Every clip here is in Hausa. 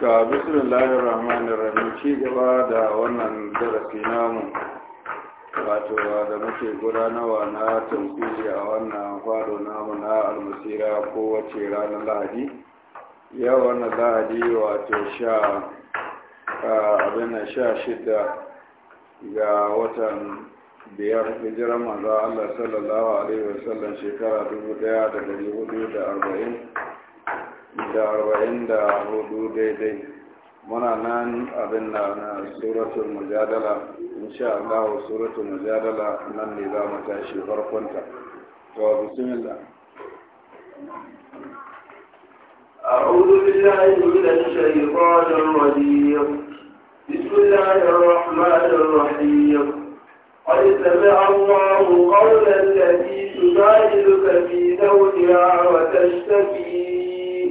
ta bismillahir rahmanir rahim ci gaba da wannan darasi namu wato da muke gudanarwa na tunfiji a wannan kwado namu na almusira kowace ranar lahadi yau wannan lahadi wato sha abin sha shida ga watan biyar hijirar manzo Allah sallallahu alaihi wasallam shekara arba'in. da arba'in da hudu daidai muna nan abin da na suratul mujadala insha Allah suratul mujadala nan ne za mu tashi farkonta to bismillah أعوذ بالله من الشيطان الرجيم بسم الله الرحمن الرحيم قد سمع الله قول التي تجادلك في زوجها وتشتكي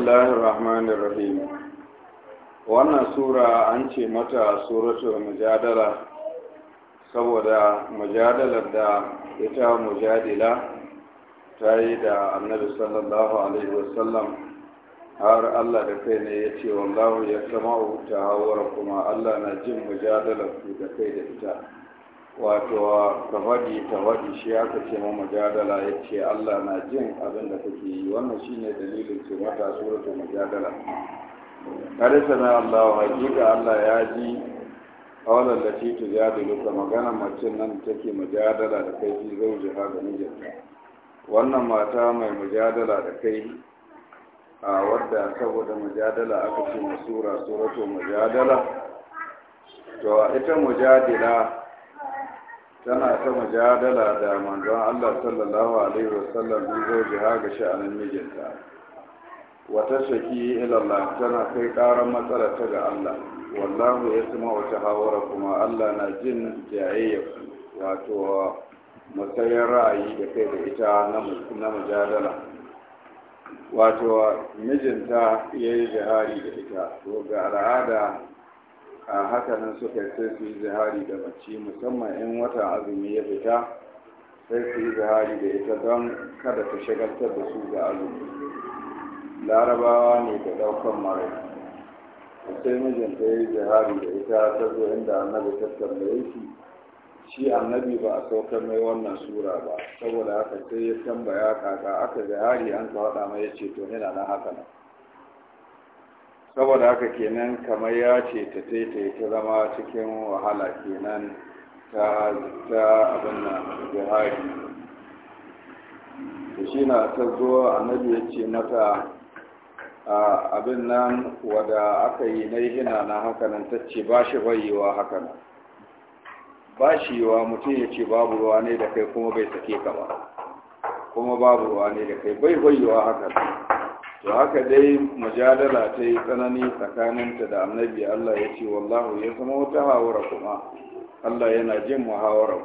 bismillahir rahmanir rahim wannan sura an ce mata suratul mujadala saboda mujadalar da ita mujadila ta yi da annabi sallallahu alaihi wasallam har Allah da kai ne ya ce wallahu ya sama'u kuma Allah na jin mujadalar ku da kai da ita wato ka faɗi shi aka ce ma mujadala ya ce Allah na jin abin da kake yi wannan shine dalilin ce mata suratul mujadala kada na Allah hakika Allah ya ji kawalar da ci tujadilu ka magana mace nan take mujadala da kai fi zauji ha da mijinta wannan mata mai mujadala da kai a wadda saboda mujadala aka ce masura suratul mujadala to ita mujadila tana ta mujadala da manzon Allah sallallahu alaihi wasallam bi ha ga sha'anin mijinta wata shaki ila tana kai karan matsala ta ga Allah wallahu yasma'u hawara kuma Allah na jin jayayya wato matsayin ra'ayi da kai da ita na mujadala wato mijinta yayi jihari da ita to ga al'ada a hakanan suka sai su yi zihari da mace musamman in watan azumi ya fita sai su yi zihari da ita don kada ta shagaltar da su ga azumi larabawa ne da ɗaukan marai sai mijinta ya yi zihari da ita ta zo inda annabi ta tambaye shi shi annabi ba a saukar mai wannan sura ba saboda haka sai ya tambaya kaka aka zihari an ka faɗa mai ya ce to yana na haka saboda haka kenan kamar ya ce ta taita ta zama cikin wahala kenan ta ta abin nan jihari da shi na ta zo annabi ya ce mata abin nan wada aka yi na hina na nan ta ce ba shi haka nan ba shi yiwa mutum ya ce babu ruwa ne da kai kuma bai sake ka ba kuma babu ruwa ne da kai bai haka nan to haka dai mujadala ta yi tsanani tsakaninta da annabi Allah ya ce wallahu ya sama wata hawara kuma Allah yana jin muhawarar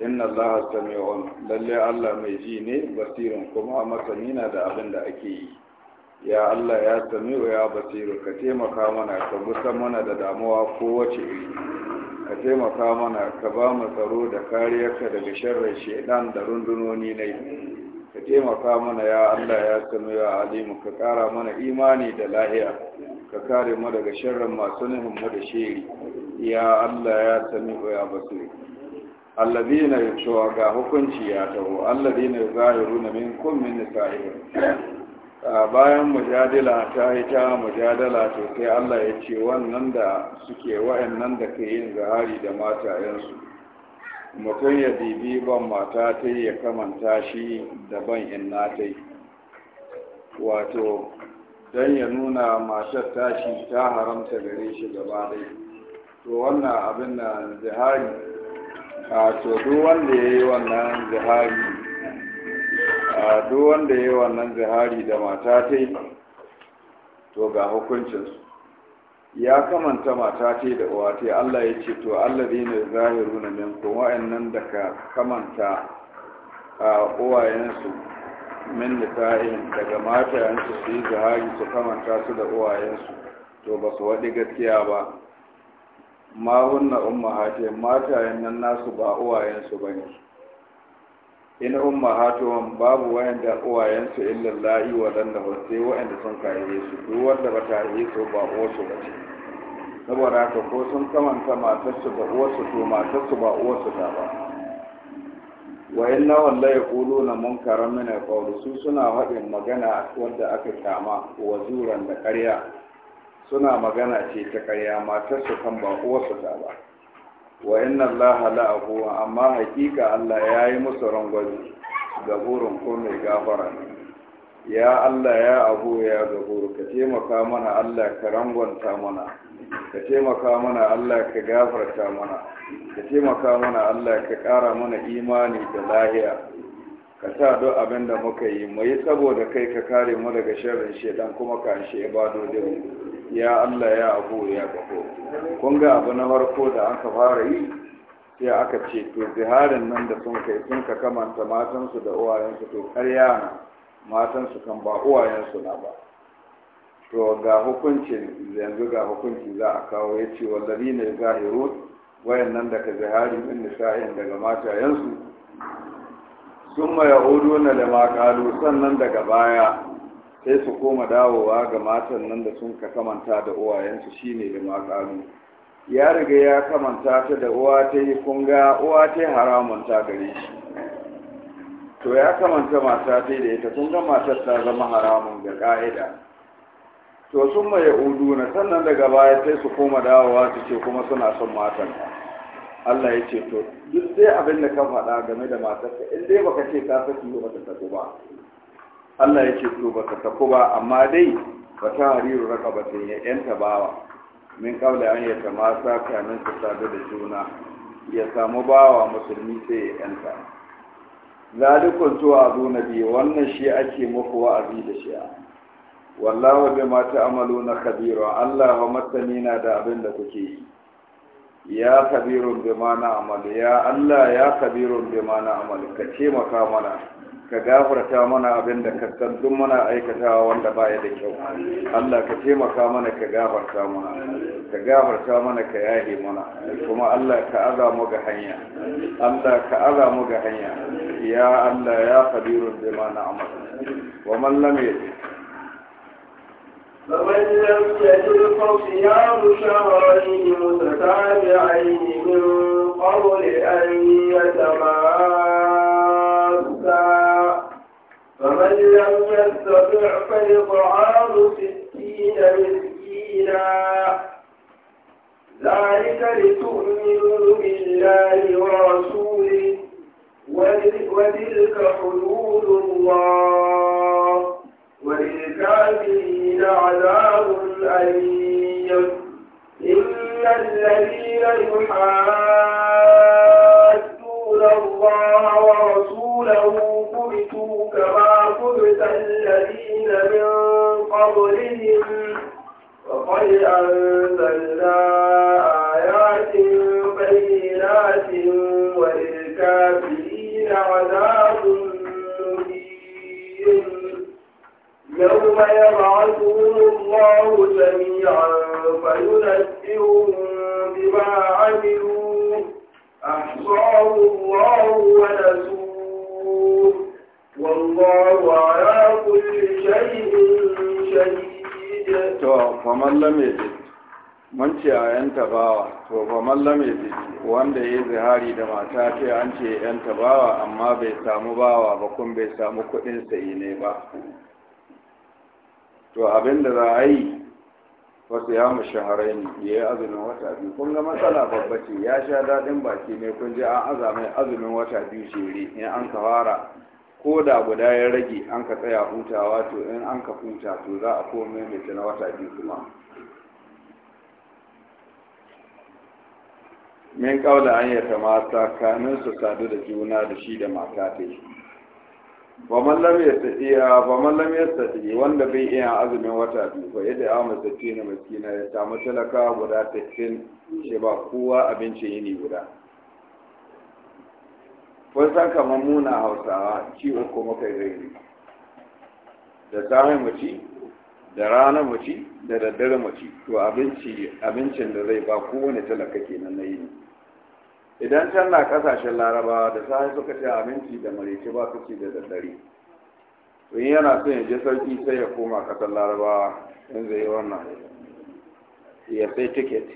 inna Allah sami'un lalle Allah mai ji ne basirin kuma masani na da abin da ake yi ya Allah ya sami'u ya basiru ka taimaka mana ka gusa mana da damuwa kowace iri ka taimaka mana ka ba mu tsaro da kariyarka daga sharrin shaidan da rundunoni ne ka taimaka mana ya Allah ya sanu ya alimu ka kara mana imani da lahiya ka kare mu daga sharrin masu nuhin mu da shiri ya Allah ya sanu ya basiri alladina yusuwa ga hukunci ya taho alladina zahiruna minkum min A bayan mujadala ta yi ta mujadala to sai Allah ya ce wannan da suke wa'annan da ke yin zahari da matayensu mutum ya bibi ban mata ta ya kamanta shi daban ban na ta wato don ya nuna matar tashi ta haramta gare shi gaba dai to wannan abin na zihari a to duk wanda ya yi wannan zihari a duk wanda ya yi wannan zihari da mata ta to ga hukuncinsu ya kamanta mata ce da uwa ce Allah ya ce to allazi ne zahiru na minkum wa'annan da ka kamanta a uwayensu min nisa'in daga matayensu su yi zahari su kamanta su da uwayensu to ba su waɗi gaskiya ba ma hunna umma matayen nan nasu ba uwayensu ba ne in ummahatuhum babu wayanda uwayensu illallahi wa dannahu sai wayanda sun kare su duk wanda ba ta yi so ba su ba ce saboda haka ko sun kamanta matarsu ba su to matarsu ba su ta ba wa inna wallahi yaquluna munkaran min alqawl su suna faɗin magana wanda aka kama wa zuran da ƙarya suna magana ce ta ƙarya matarsu kan ba su ta ba wa inna allaha la afuwa amma hakika Allah ya yi musu rangwazi gaburin ko mai gafara ya Allah ya abu ya gaburu ka taimaka mana Allah ka rangwanta mana ka taimaka mana Allah ka gafarta mana ka taimaka mana Allah ka ƙara mana imani da lahiya ka sa duk abin da muka yi mu yi saboda kai ka kare mu daga sharrin shedan kuma ka shi din ya Allah ya abu ya gafo kun ga abu na farko da aka fara yi sai aka ce to ziharin nan da sun kai sun ka kamanta matansu da uwayensu to ƙarya na matansu kan ba uwayensu na ba to ga hukuncin yanzu ga hukunci za a kawo ya ce wallabi ne zahirun wayannan daga zihari min nisa'in daga matayensu sun ma yahudu na da makalu sannan daga baya sai su koma dawowa ga matan nan da sun ka kamanta da uwayensu shine da makalu ya riga ya kamanta ta da uwa ta yi kunga uwa ta haramun ta gare shi to ya kamanta mata ta da ita ga matar ta zama haramun ga ka'ida to sun ma yahudu na sannan daga baya sai su koma dawowa su ce kuma suna son matan Allah ya ce to duk sai abin da ka faɗa game da matarka in dai baka ce ka saki ba ta sako ba Allah ya ce to ba ta ba amma dai ba ta hariru raka ba sai ya yanta bawa min kawai an ya tamasa kanin su sadu da juna ya samu bawa musulmi sai ya yanta zalikun to a zo biyu wannan shi ake muku wa'azi da shi wallahu amalo ta'maluna khabira Allah wa matanina da abin da kuke yi ya kabirun bi ma na'mal ya Allah ya kabirun bi ma na'mal ka ce taimaka mana ka gafarta mana abinda ka san duk mana aikatawa wanda baya da kyau Allah ka ce taimaka mana ka gafarta mana ka gafarta mana ka yahe mana kuma Allah ka aza mu ga hanya Allah ka aza mu ga hanya ya Allah ya kabirun bi ma na'mal wa man lam فمن لم يجد فصيام شهرين متتابعين من قبل أن يتماسا فمن لم يستطع فإطعام ستين مسكينا ذلك لتؤمنوا بالله ورسوله وتلك حدود الله وللكافرين عذاب أليم إن الذين يحادون الله ورسوله كبتوا كما كبت الذين من قبلهم وقد أنزلنا آيات بينات وللكافرين عذاب أليم يوم يبعثهم الله جميعا فينبئهم بما عملوا أحصاه الله ونسوه والله على كل شيء شهيد. فمن لم يجد mun ce a yan tabawa to fa mallam wanda ya zihari da mata ce an ce yan tabawa amma bai samu bawa ba kun bai samu kuɗin sayi ne ba to abin da za a yi wasu ya mu shaharai ne ya yi azumin wata biyu kun ga matsala babba ya sha daɗin baki ne kun ji an aza mai azumin wata biyu shere in an ka fara ko da guda ya rage an ka tsaya hutawa to in an ka huta to za a komai mai na wata biyu kuma min kaula an yi mata kamin su sadu da juna da shi da mata ta yi wa mallam ya tafiya wanda bai iya azumin wata biyu ba yadda ya masace na miskina ya samu talaka guda tafiyin shi ba kowa abinci yini guda kun san kamar muna hausawa ci uku muka yi da safe mu ci da rana mu da daddare mu to abincin da zai ba kowane talaka kenan na yini idan can na kasashen larabawa da sahi suka ce aminci da marece ba su ci da daddare in yana son ya je sarki sai ya koma kasar larabawa in zai yi wannan ya sai tiket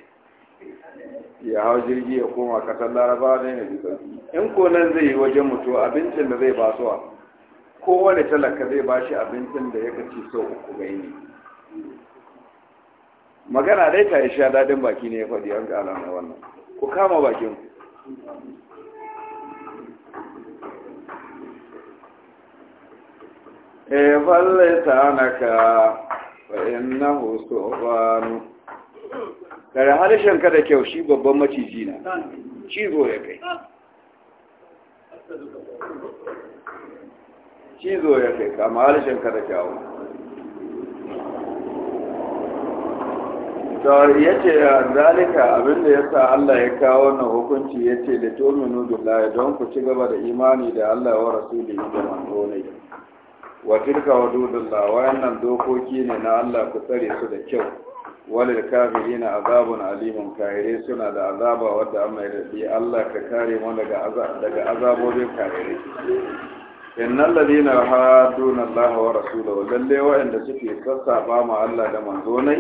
ya hau jirgi ya koma kasar larabawa zai ya ji sarki in ko nan zai yi wajen mutu abincin da zai ba su kowane talaka zai ba shi abincin da ya kaci sau uku gai ne magana dai ta yi sha daɗin baki ne ya faɗi an ga alama wannan ku kama bakin ku e eh, fallita naka fa kare harshen ka da kyau shi babban maciji na cizo ya kai cizo ya kai kama harshen ka da kyau to yace zalika abinda sa Allah ya kawo wannan hukunci ya ce da tu'minu billahi don ku ci gaba da imani da Allah wa rasulihi da manzo ne wa tilka lawa yannan dokoki ne na Allah ku tsare su da kyau walil kafirina azabun alimun kahire suna da azaba wadda an mai rabi Allah ka kare mu daga daga azabobin kahire innal ladina haduna Allah wa rasulahu lalle wayanda suke sassaba ma Allah da manzo ne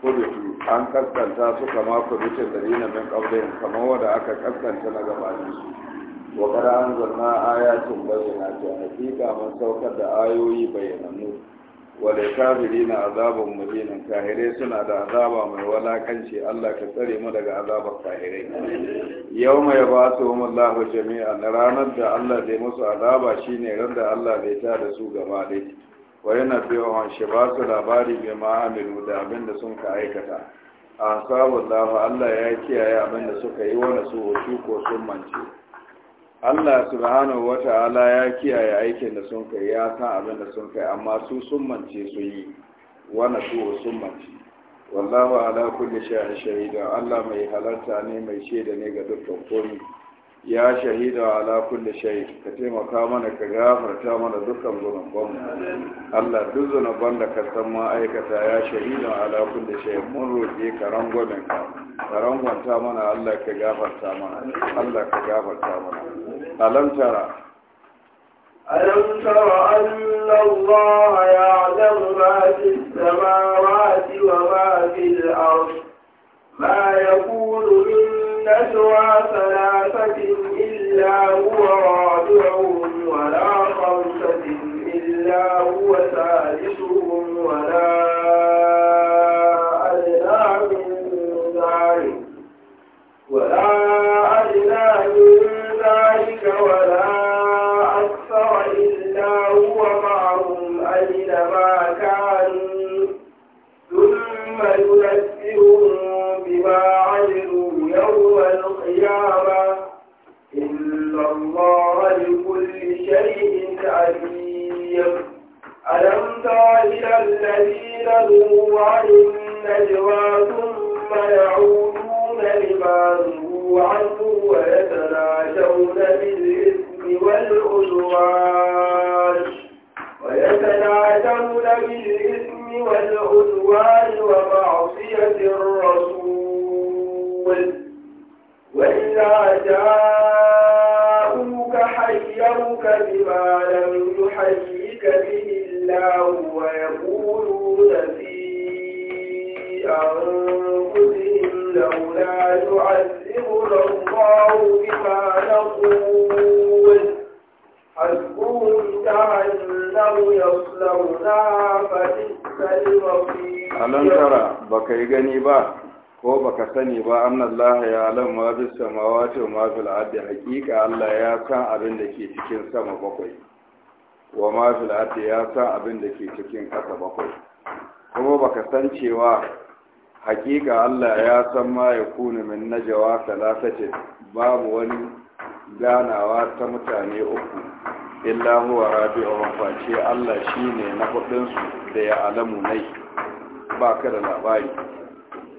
kudutu an kaskanta su kama kudutu da rina min ƙaunin kamar wadda aka kaskanta na gabanin su wa an zanna ayatun bayyana ta hakika mun saukar da ayoyi bayyanannu wale kafiri na azabar muhinin kahire suna da azaba mai walakanci Allah ka tsare mu daga azabar kahire yau mai ba su mullahu jami'a na ranar da Allah zai musu azaba shine ran da Allah zai ta da su gaba dai wa yana biyawan shi ba su labari bai ma'amilu da abin da sun ka aikata a sabon lafa allah ya kiyaye abin da suka yi wani su hoci ko sun mance allah subhanahu wata ala ya kiyaye aikin da sun kai ya san abin da sun kai amma su sun mance su yi wani su sun mance wallahu ala kulli shay'in shahida allah mai halarta ne mai shaida ne ga dukkan komai ya shahida ala kulli shay ka taimaka mana ka gafarta mana dukkan zunuban Allah duk zunuban da ka san ma aikata ya shahida ala kulli shay mun roƙe ka rangwamen ka ka rangwanta mana Allah ka gafarta mana Allah ka gafarta mana alam tara alam tara anna Allah ya'lamu ma fi samawati wa ma fil ard ma yakunu min تسوى ثلاثة إلا هو رابعهم ولا خمسة إلا هو سادسهم ولا أدنى من ذلك ولا أدنى من ذلك ولا أكثر إلا هو معهم أينما كانوا ثم ينبئهم بما عملوا يوم القيامة إن الله لكل شيء عليم ألم تر إلى الذين نهوا عن النجوى ثم يعودون لما نهوا عنه ويتناجون بالإثم Allah ya alam ma fi samawati wa ma fil ardi haqiqa Allah ya san abin da ke cikin sama bakwai wa ma ya san abin da ke cikin ƙasa bakwai kuma baka san cewa hakika Allah ya san ma ya kuna min najawa salasati babu wani ganawa ta mutane uku illa huwa wa face Allah shine na kuɗinsu su da ya alamu nai ba ka da labari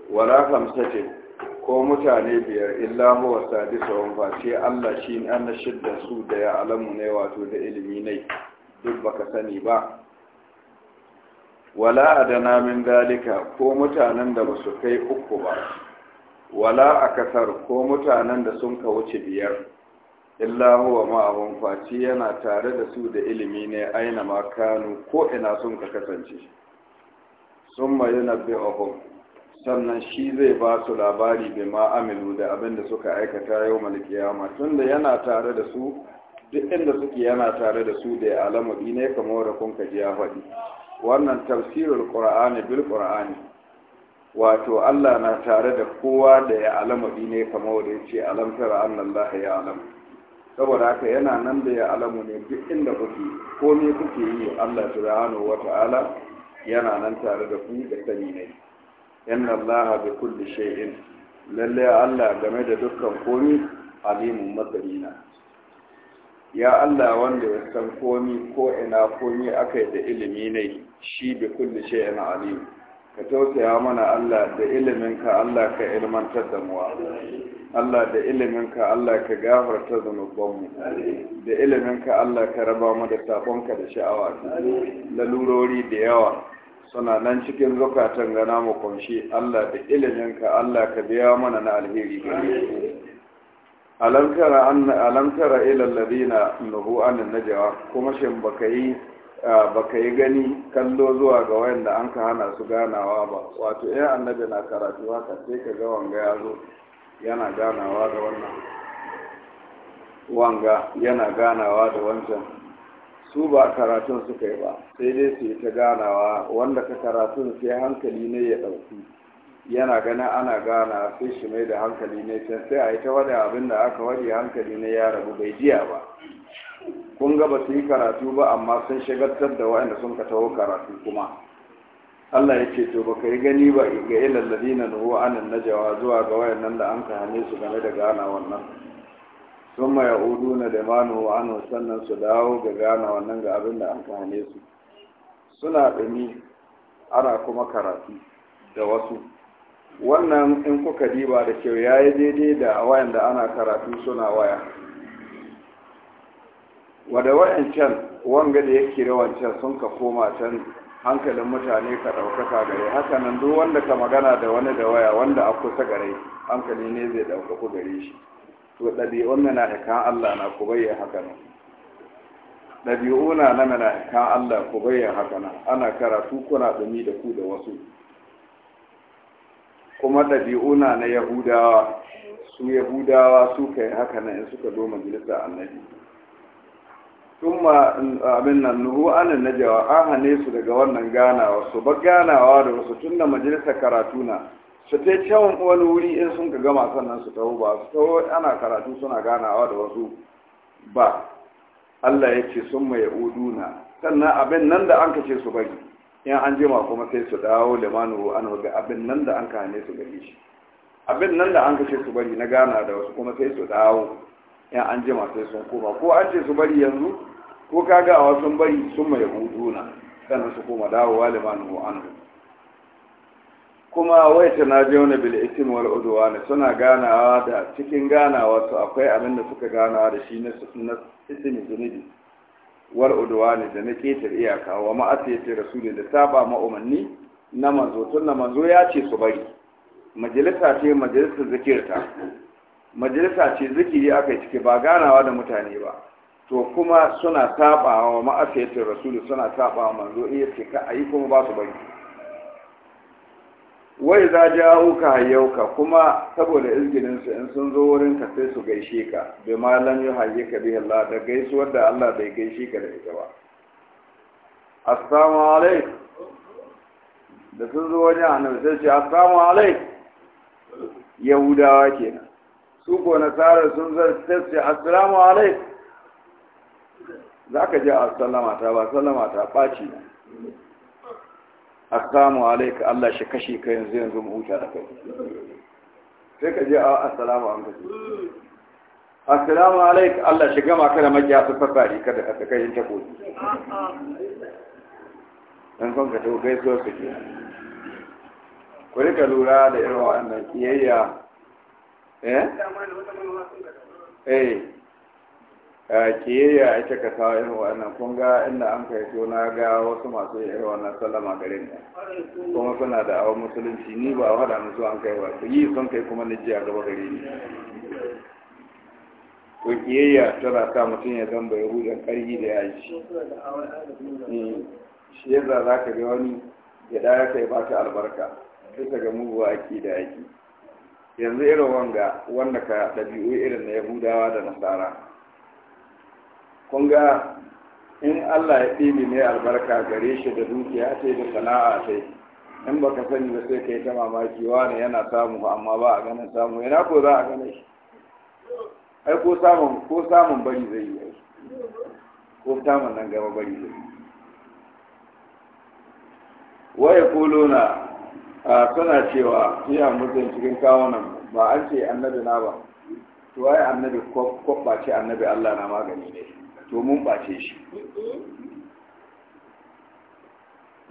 wala kamsatin ko mutane biyar illa huwa sadisuhum fa sai Allah shi ne an shidda su da ya alamu ne wato da ilimi ne duk baka sani ba wala adana min dalika ko mutanen da basu kai uku ba wala akasar ko mutanen da sun ka wuce biyar illa huwa ma'ahum faci yana tare da su da ilimi ne aina makanu ko ina sun ka kasance summa yunabbi'uhum sannan shi zai ba su labari bai ma amilu da abin da suka aikata yau malikiyama tun da yana tare da su duk inda suke yana tare da su da ya alamu ne kama da kun kaji ya faɗi wannan tafsirul ƙura'ani bil ƙura'ani wato Allah na tare da kowa da ya alamu ne kamar da yace annan za a ya alamu. saboda haka yana nan da ya alamu ne duk inda kuke komai kuke yi Allah subhanahu wata'ala yana nan tare da ku da sani ne inna allaha bi kulli shay'in lalle Allah game da dukkan komi alimun matsarina ya Allah wanda ya san komi ko ina komi akai da ilimi ne shi bi kulli shay'in alim ka tausaya mana Allah da ilimin ka Allah ka ilmantar da mu Allah da ilimin ka Allah ka gafarta zunubanmu da ilimin ka Allah ka raba mu da safonka da sha'awa lalurori da yawa suna nan cikin zukatan gana mu kunshi Allah da iliminka Allah ka biya mana na alheri alam tara anna alam na ila kuma shin baka yi gani kallo zuwa ga wayanda an ka hana su ganawa ba wato 'yan eh, annabi na karatu haka sai ka ga wanga ya zo yana ganawa da wannan wanga yana ganawa da wancan su ba karatun suka yi ba sai dai su yi ta ganawa wanda ka karatun sai hankali ne ya ɗauki yana gana ana gana sai shi mai da hankali ne can sai a yi ta wani abin da aka wani hankali ne ya rabu bai jiya ba kun ga ba su yi karatu ba amma sun shagaltar da waanda sun ka taho karatu kuma Allah ya ce to baka yi gani ba ga ilal na nuhu anan najawa zuwa ga wayannan da an ka hane su game da gana wannan sun ma ya'udu na da manu anu sannan su dawo ga gana wannan ga abin da an kane su suna ɗumi ana kuma karatu da wasu wannan in kuka diba da kyau ya yi daidai da wayan da ana karatu suna waya wadda wayancan wanga da ya kira wancan sun ka koma can hankalin mutane ka ɗaukaka gare haka nan duk wanda ka magana da wani da waya wanda a kusa gare hankali ne zai ɗaukaku gare shi to ɗabi'un na nahikan Allah na ku bayyana haka nan ɗabi'una na nahikan Allah ku bayyana haka nan ana karatu kuna ɗumi da ku da wasu kuma ɗabi'una na yahudawa su yahudawa su kai haka nan in suka zo majalisa annabi ma abin nan nuhu an najawa an hane su daga wannan ganawa su ba ganawa da wasu tunda majalisa karatu na su ta cewon wani wuri in sun ka gama sannan su taho ba su taho ana karatu suna ganawa da wasu ba Allah ya ce sun mai uduna sannan abin nan da an ce su bari in an jima kuma sai su dawo limanu an ga abin nan da an ka ne su gari shi abin nan da an ce su bari na gana da wasu kuma sai su dawo in an jima sai sun koma ko an ce su bari yanzu ko kaga a wasu bari sun mai uduna sannan su koma dawowa limanu anhu kuma waita na jauna bil itim wal udwan suna ganawa da cikin ganawa su akwai abin da suka ganawa da shi na na ismi zunubi wal udwan da na ketar iyaka wa ma atiyati rasuli da saba ma umanni na manzo tun na manzo ya ce su bari majalisa ce majalisar zikirta majalisa ce zikiri aka ciki ba ganawa da mutane ba to kuma suna saba wa ma'asiyatin rasuli suna saba wa manzo iya eh, ce ka ayi kuma ba su bari wai za uka hayyauka kuma saboda izginin su in sun zo wurin ka sai su gaishe ka bi ma lam ka bi Allah da gaisuwar da Allah bai gaishe ka da ita ba assalamu alaikum da sun zo wani annabi sai ce assalamu alaikum yahudawa kenan su ko tsara sun zo sai ce assalamu alaikum zaka ji a ta ba sallama ta ɓaci ne assalamu alaika Allah shi kashe ka yanzu yanzu mu huta da kai sai ka je a ah, assalamu an gaji assalamu alaika Allah shi gama ka da makiya su fasari ka da ka kai ta koki dan kan ka to gaisuwa ji ko ku rika lura da irin wannan kiyayya eh eh kiyayya ita ka kawo irin wannan kun ga inda an kai so na ga wasu masu irin wannan sallama garin ne kuma suna da awon musulunci ni ba wada musu an kai ba su yi sun kai kuma niji a gaba gari ne. to kiyayya tana sa mutum ya zamba ya hudan karhi da ya yi eh, shi yadda za ka ga wani ya daya kai ba ta albarka bisa ga muguwa ake da ake yanzu irin wanga wanda ka ɗabi'u irin na yahudawa da nasara kun ga in Allah ya ɗibi mai albarka gare shi da dukiya sai da sana'a sai in baka sani ba sai ka yi ta mamaki wani yana samu amma ba a ganin samu yana ko za a gane shi ai ko samun ko samun bari zai yi ko samun nan gaba bari zai yi waye kuluna suna cewa iya mutum cikin kawunan ba an ce annabi na ba to ai annabi kwabba ce annabi Allah na magani ne to mun ɓace shi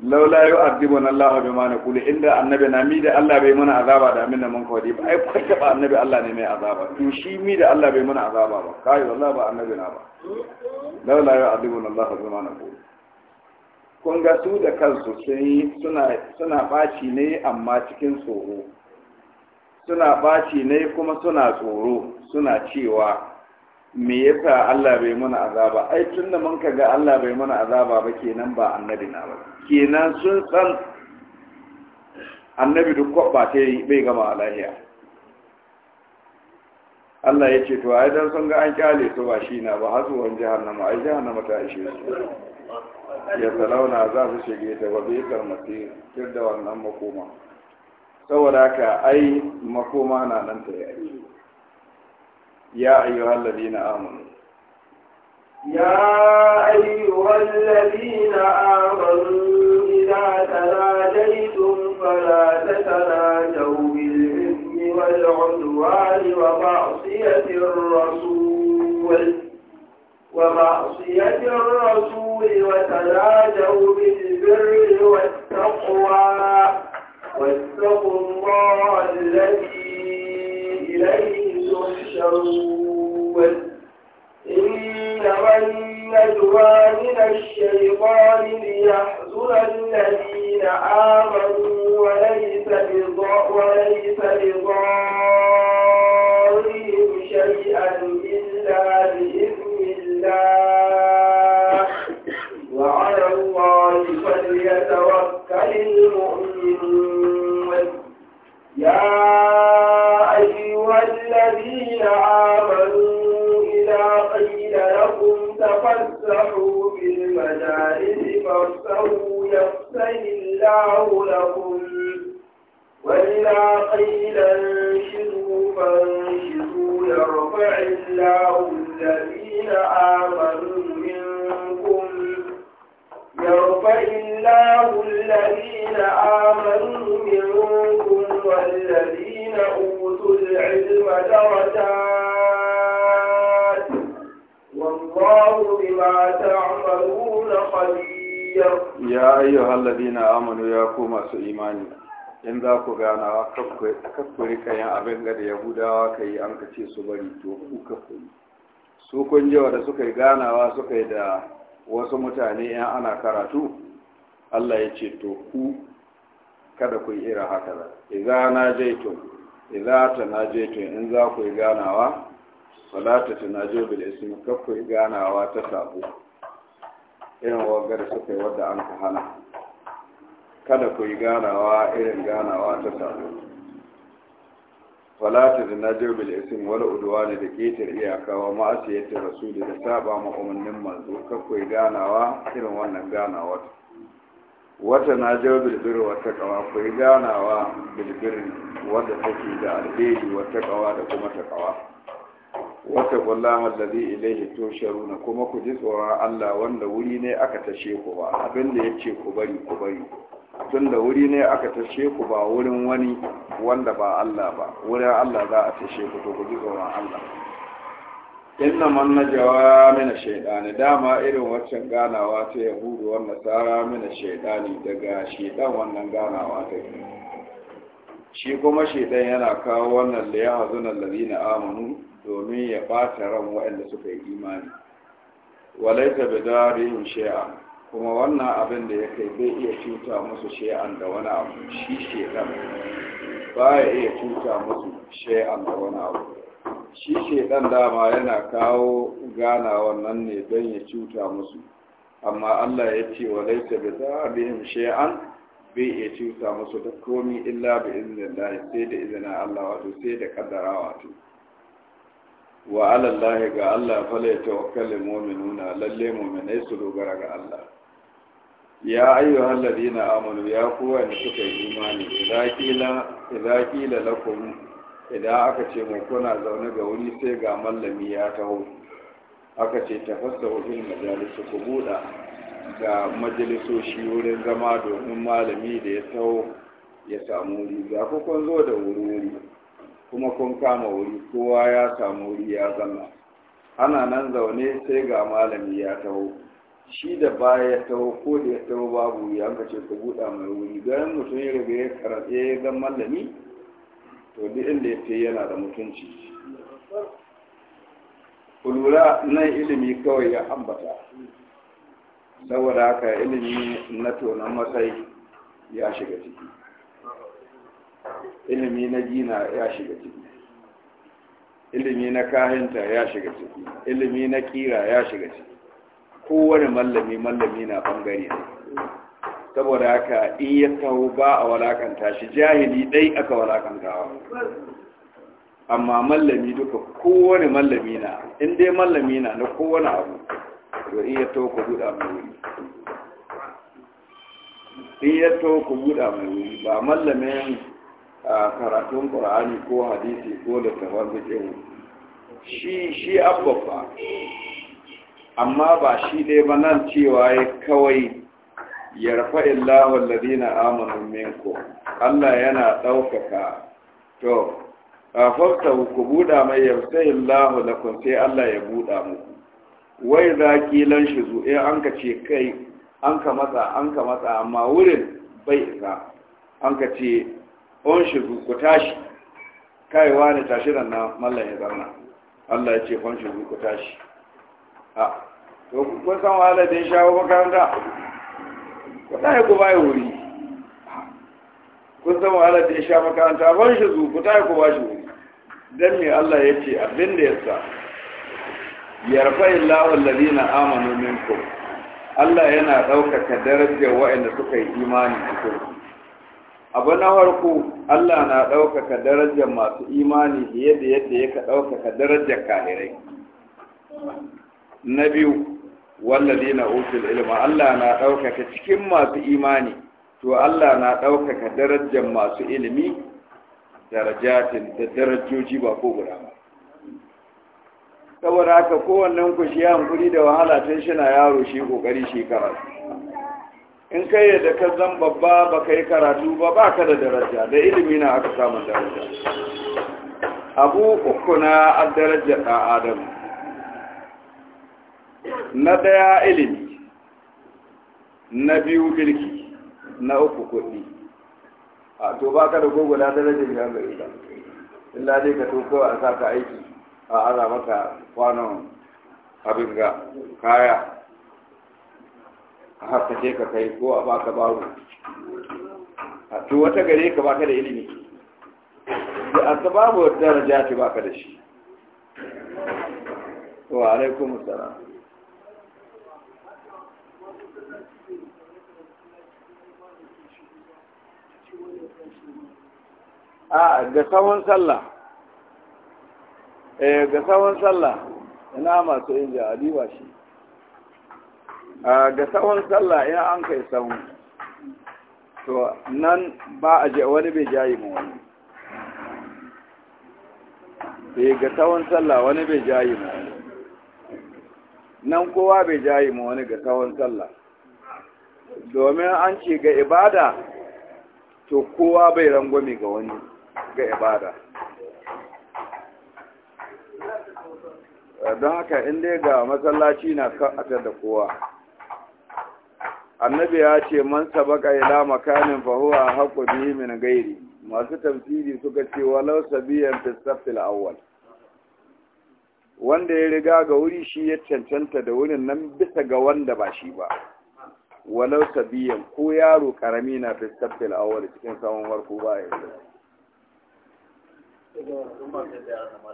laula yu azibun Allah bi ma inda annabi na mi da Allah bai mana azaba da amin da mun kawai ba ai kwata ba annabi Allah ne mai azaba to shi mi da Allah bai mana azaba ba kai wallahi ba annabi na ba laula yu azibun Allah bi ma naqulu kun ga su da kansu sai suna suna baci ne amma cikin tsoro suna baci ne kuma suna tsoro suna cewa me yasa Allah bai mana azaba ai tun da mun kaga Allah bai mana azaba ba kenan ba annabi na ba kenan sun san annabi duk ko ba yi bai gama alahiya Allah ya ce to ai dan sun ga an kyale su ba shi na ba hasuwan jahannama ai jahannama ta ishe su ya salauna za su shige ta ba bai karmasi tir da wannan makoma saboda ka, ai makoma na nan ta yi يا أيها الذين آمنوا يا أيها الذين آمنوا إذا تناجيتم فلا تتناجوا بالإثم والعدوان ومعصية الرسول ومعصية الرسول وتناجوا بالبر والتقوى واتقوا الله الذي إليه يحشرون إنما النجوى من الشيطان ليحذر الذين آمنوا وليس وليس بضارهم شيئا إلا بإذن الله وعلى الله فليتوكل المؤمنون يا الذين آمنوا إلى قيل لكم تفسحوا في المجالس فافسحوا يفسح الله لكم وإلى قيل انشزوا فانشزوا يرفع الله الذين آمنوا منكم يرفع الله الذين آمنوا منكم والذين الذين أوتوا العلم درجات والله بما تعملون خبير يا أيها الذين آمنوا يا كوما إيماني in za ku ganawa kakkuri kayan abin da yahudawa ka yi an kace su bari to ku kakkuri su kun jewa da suka yi ganawa suka yi da wasu mutane yan ana karatu allah ya ce to ku kada ku yi irin haka da iza na jaitun na je to in za ku yi ganawa wala ta tanajo bil ismi kakku yi ganawa ta sabo irin wagar suka yi wadda an ka hana kada ku yi ganawa irin ganawa ta sabo wala ta tanajo bil ismi wala ne da ketar iyaka wa ma'asiyatir rasuli da saba ma umarnin manzo kakku yi ganawa irin wannan ganawa ta wata na jau bilbir wata kawa ku yi ganawa bilbir wadda take da alheri wata kawa da kuma ta kawa wata kullaha allazi ilaihi tusharuna kuma ku ji tsoron Allah wanda wuri ne aka tashe ku ba abin da ce ku bari ku bari tun da wuri ne aka tashe ku ba wurin wani wanda ba Allah ba wurin Allah za a tashe ku to ku ji tsoron Allah inna man najawa mina shaidani dama irin waccan ganawa ta yahudu wa nasara mina shaidani daga shaidan wannan ganawa ta shi kuma shaidan yana kawo wannan da ya hazu na lalina amanu domin ya bata ran waɗanda suka yi imani walaita bi darihin shay'a kuma wannan abin da ya kai bai iya cuta musu shay'an da wani abu shi shaidan ba iya cuta musu shay'an da wani abu shi ɗan dama yana kawo gana wannan ne don ya cuta musu amma Allah ya ce wa laita bi zaɓihim shay'an bai iya cuta musu da komi illa bi iznillah sai da izinin Allah wato sai da kaddara wato wa alallahi ga Allah fala tawakkalul mu'minuna lalle mu'minai su dogara ga Allah ya ayyuhal ladina amanu ya kuwa ne suka yi imani idza qila idza qila lakum idan aka ce mu kuna zaune ga wuri sai ga mallami ya taho aka ce tafasa wajen majalisu ku buɗa ga majalisoshi wurin zama domin malami da ya taho ya samu wuri ga kun zo da wuri wuri kuma kun kama wuri kowa ya samu wuri ya zama ana nan zaune sai ga malami ya taho shi da baya ya taho ko da ya taho babu ya ce ku buɗa mai wuri ganin mutum ya riga ya karatse ya zama malami to duk inda ya fi yana da mutunci ku lura nan ilimi kawai ya ambata saboda haka ilimi na tonon matsayi ya shiga ciki ilimi na gina ya shiga ciki ilimi na kahinta ya shiga ciki ilimi na kira ya shiga ciki kowane mallami mallami na bangare ne saboda haka in ya taho ba a walakanta shi jahili dai aka wa amma mallami duka kowane mallami na in dai mallami na na kowane abu to in ya taho ku buɗa mai wuri in ya taho ku buɗa mai wuri ba mallamin karatun ƙur'ani ko hadisi ko da fiƙin shi shi abubuwa amma ba shi ne ba nan cewa ya kawai yarfa illahu alladhina amanu minkum Allah yana daukaka to fafta ku buda mai yarfa illahu lakum sai Allah ya buda muku wai za kilan shi zu in eh, an ka ce kai an ka matsa an ka matsa amma wurin bai isa an ka ce on shi zu ku tashi kaiwa ne tashi nan na mallan ya zama Allah ya ce on shi zu ku tashi a ah, to kun san wahalar da shawo makaranta ya ku ya wuri kun san wahalar da ya sha makaranta ban shi zu ku ya ku ba shi wuri Don me Allah ya ce abin da ya yasa yarfa illahu alladhina amanu minkum Allah yana ɗaukaka darajar wa'anda suka yi imani a cikin abu na farko Allah na ɗaukaka darajar masu imani fiye da yadda ka ɗaukaka darajar kahirai na biyu wallazi na utul ilma Allah na ɗaukaka cikin masu imani to Allah na ɗaukaka darajar masu ilimi darajatin da darajoji ba ko guda ba saboda haka kowannen ku shi hankuri da wahala tun shi na yaro shi kokari shi karatu in kai yadda ka zan babba ba kai karatu ba ba ka da daraja da ilimi na aka samun daraja abu uku na darajar ɗan adam na daya ilimi na biyu birki na uku kuɗi a to ba ka da ko guda darajar ya gare ka illa dai ka to kawai a sa ka aiki a aza maka kwanon abin ga kaya a haka ka kai ko a baka baro a to wata gare ka baka da ilimi da asbabu daraja ce baka da shi wa alaikum assalam a ga sahun sallah eh ga sahun sallah ina masu inji a diba shi ga sahun sallah ina an kai tsawon, to nan ba a je wani bai jayi ma wani eh ga sahun sallah wani bai jayi ma wani nan kowa bai jayi ma wani ga sahun sallah domin an ce ga ibada to kowa bai rangwame ga wani ga ibada don haka inda ga masallaci na kan da kowa annabi ya ce man sabaka ila makanin fahuwa haƙo biyu min gairi masu tamfili suka ce walau sabiyan fisafil awal. wanda ya riga ga wuri shi ya cancanta da wurin nan bisa ga wanda ba shi ba walau sabiyan ko yaro karami na fisafil awal cikin saman warko ba ya yi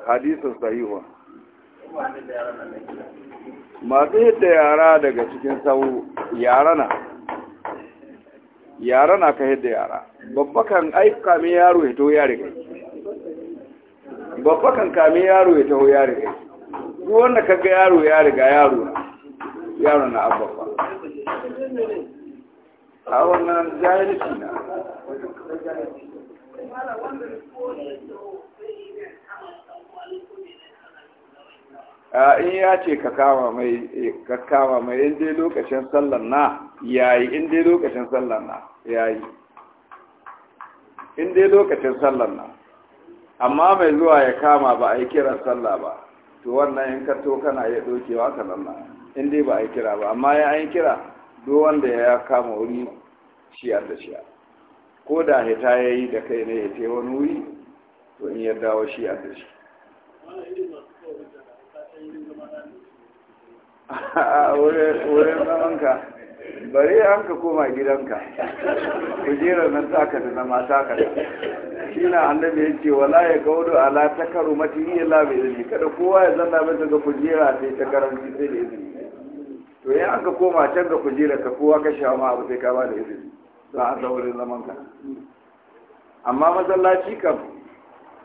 hadisin sahihu masu yadda yara daga cikin sau yara na yara na ka yadda yara babba kan aika mai yaro ya taho yare kai babba kan kame yaro ya taho yare kai yi wanda ka ga yaro ya riga yaro na yaro na abubuwa a wannan jahilci na in ya ce ka kama mai eh, ka kama mai in dai lokacin sallan na yayi in dai lokacin sallan na yayi in dai lokacin sallan na amma mai zuwa ya kama ba a yi kiran salla ba to wannan in ka to kana iya dokewa ka nan in dai ba a yi kira ba amma ya an kira duk wanda ya kama wuri shiyar da shiyar ko da hita ya yi da kai ne ya ce wani wuri to in ya dawo shiyar da shi wurin zamanka bari an ka koma gidanka kujerar nan taka da na mata ka shi na annabi ya ce wala ya gaudu ala ta karu mati yi labe izini kada kowa ya zanna bisa ga kujera sai ta karanci sai da izini to ya an ka koma can ga kujerar ka kowa ka sha ma abu sai ka ba da izini za a saurin zamanka amma masallaci kam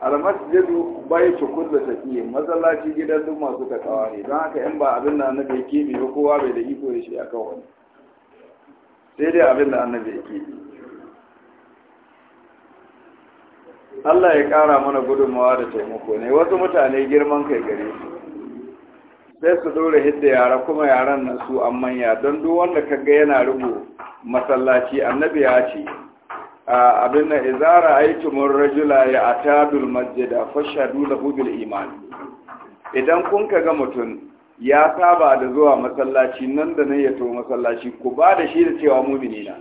almasjid bai ci kullu tafiye masallaci gidan duk masu takawa ne don haka in ba abin da annabi ya kebe ba kowa bai da iko da shi a kan wani sai dai abin da annabi ya kebe Allah ya kara mana gudunmawa da taimako ne wasu mutane girman kai gare su sai su dora hidda yara kuma yaran nan su an manya don duk wanda kaga yana rubu masallaci annabi ya ce abin na aiki mun rajula ya atadul masjida fashadu lahu bil iman idan kun kaga mutum ya saba da zuwa masallaci nan da nan ya to masallaci ku ba da shi da cewa mumini na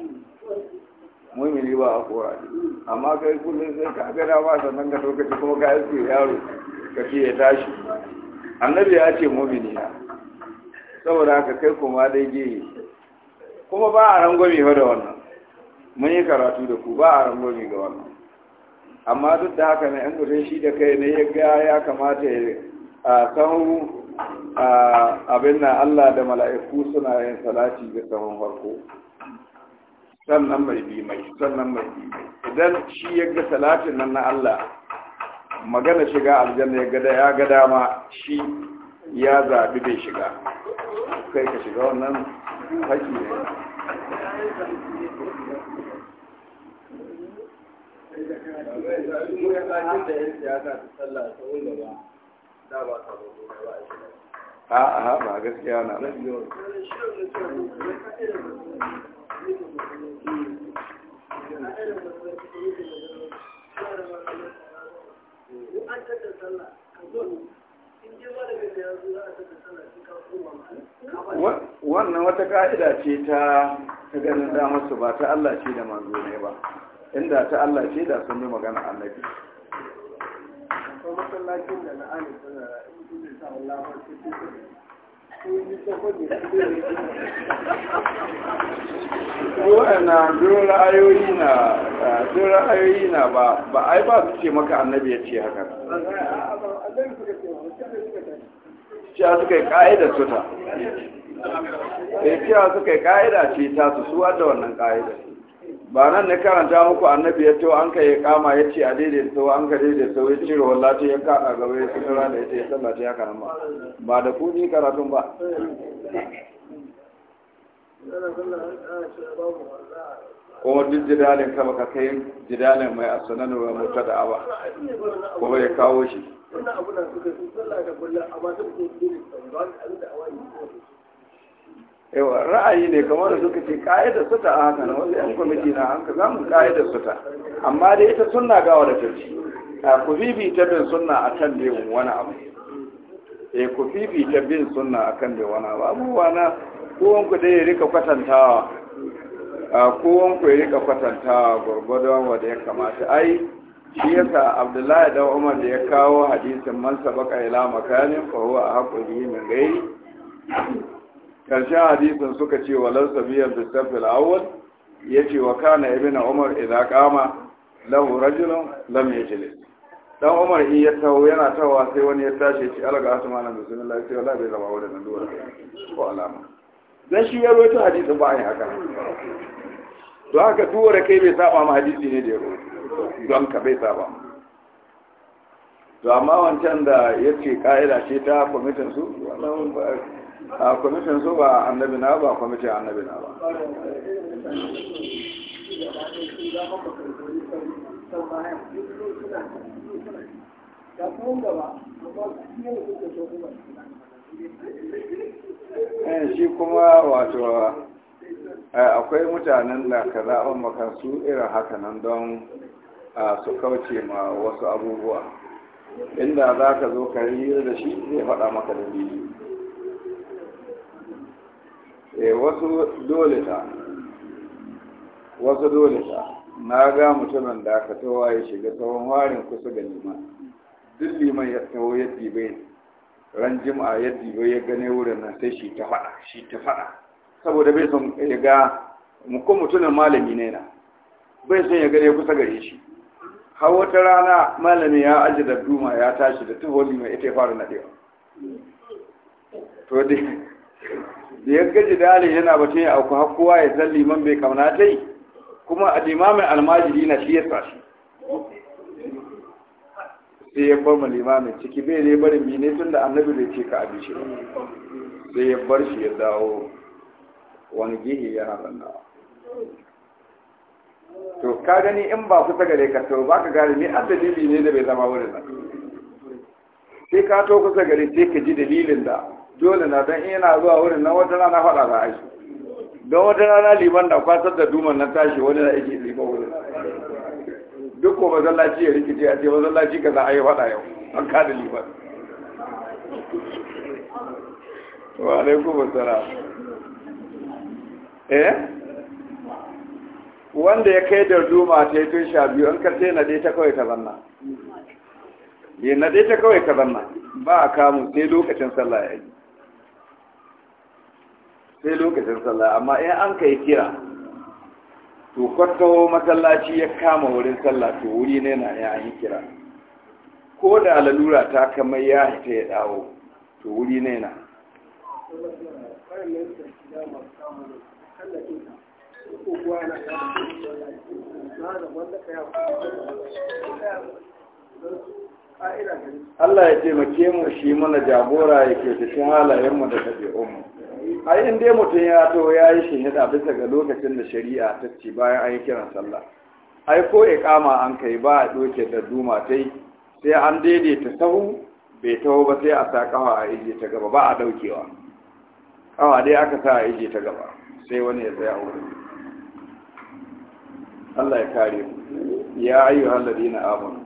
mumini ba a kora amma kai kullum sai ka ba dama sannan ka lokaci kuma ka yi yaro ka ce ya tashi annabi ya ce mumini na saboda haka kai kuma dai gehe kuma ba a rangwami fa da wannan mun yi karatu da ku ba a rangwami ga wannan amma duk da haka na yan mutum shi da kai ne ya ga ya kamata ya sahu abin na Allah da mala'iku suna yin salati ga sahun farko sannan mai bi mai sannan mai bi idan shi ya ga salatin nan na Allah magana shiga aljanna ya gada ya ga dama shi ya zaɓi bai shiga kai ka shiga wannan haƙi ne ba wannan wata ka'ida ce ta ganin damar su ba ta Allah ce da manzo ne ba inda ta Allah ce da sun yi magana annabi duk ra'ayoyi na ra'ayoyi na ba ba ai ba su ce maka annabi ya ce haka cewa suka yi ka'ida cewa eh, suka yi ce ta su suwa da wannan ka'idar ba nan ne karanta muku annabi ya to an ka ya kama ya ce a daidai sau an ka daidai sau ya cire wallata ya kada gaba ya sutura da ita ya sallata ya karama ba da ku ni karatun ba ko duk jidalin kama ka kai jidalin mai asanan wa mutu da aba kuma ya kawo shi wannan abu na suka sun sallah da kullum amma duk da yake da tsawon da awai yawa ra'ayi ne kamar da suka ce ka'idar ta a hakan wanda yan kwamiti na hanka za mu ka'idar ta. amma da ita suna gawa da tarci a ku ta bin suna a kan da wani abu e ku ta bin suna a kan da wani abu abubuwa na kowanku dai ya rika kwatantawa a kowanku ya rika kwatantawa gwargwadon da ya kamata ai shi yasa abdullahi da umar da ya kawo hadisin man baka ila makanin fa huwa a haƙuri min gairi karshen hadisin suka ce wa sabiyar da safil awwal ya ce wa kana na umar idan kama lahu rajulun lam yajlis dan umar in ya tawo yana tawa sai wani ya tashi alaga asu asma da sunan lafi wallahi bai zama wadannan duwar ko alama dan shi ya rawaito hadisi ba yi haka to haka duwar kai bai saba ma hadisi ne da ya rawaito don ka bai saba to amma wancan da ya ce ka'ida ce ta kwamitin su wannan a kwamitin su ba annabi na ba kwamishin annabi na ba eh, shi kuma wato eh, akwai mutanen da ka zaɓa su irin haka nan don su kauce ma wasu abubuwa inda za ka zo ka yi da shi zai faɗa maka da biyu Eh, wasu dole ta wasu dole ta na ga mutumin da aka tawa ya shiga tsawon warin kusa da liman duk liman ya tsawo ya dibe ran jima'a ya dibe ya gane wurin nan sai shi ta faɗa shi ta faɗa saboda bai son ya ga ko mutumin malami ne na bai son ya gane kusa gare shi har wata rana malami ya aji da duma ya tashi da taho liman ita ya fara nadewa to dai da ya gaji dalil yana batun ya auku har ya san liman bai kamna ta yi kuma a limamin almajiri na shi ya sa shi sai ya bar ma limamin ciki bai ne barin bi ne tun da annabi bai ce ka shi ba sai ya bar shi ya dawo wani gihi yana zannawa to ka gani in ba kusa gare ka to ba ka gane ni a dalili ne da bai zama wurin nan sai ka to kusa gare sai ka ji dalilin da dole na don yana zuwa wurin nan wata rana faɗa da aiki don wata rana liman da kwasar da duman na tashi wani na yake liman wurin duk ko masallaci ya rikice a ce masallaci ka za a yi faɗa yau an kada liman wa ku assalam eh wanda ya kai da duma ta yi tun sha biyu an karfe na dai ta kawai ta zanna yi eh, na dai ta kawai ta zanna ba a kamun sai lokacin sallah ya yi sai lokacin sallah amma in an kai kira to kwatawo masallaci ya kama wurin sallah to wuri ne na ya yi kira ko da lalura ta kama ya ta ya dawo to wuri ne na Allah ya taimake mu shi mana jagora da shi halayenmu da ɗabi'unmu. ai in dai mutum ya to ya yi shahida bisa ga lokacin da shari'a ta ce bayan an yi kiran sallah ai ko iqama an kai ba a doke da duma tai sai an daidaita sahu bai taho ba sai a sa kawa a ije ta gaba ba a daukewa kawa dai aka sa a ije ta gaba sai wani ya tsaya wurin Allah ya kare mu ya ayyuhal ladina amanu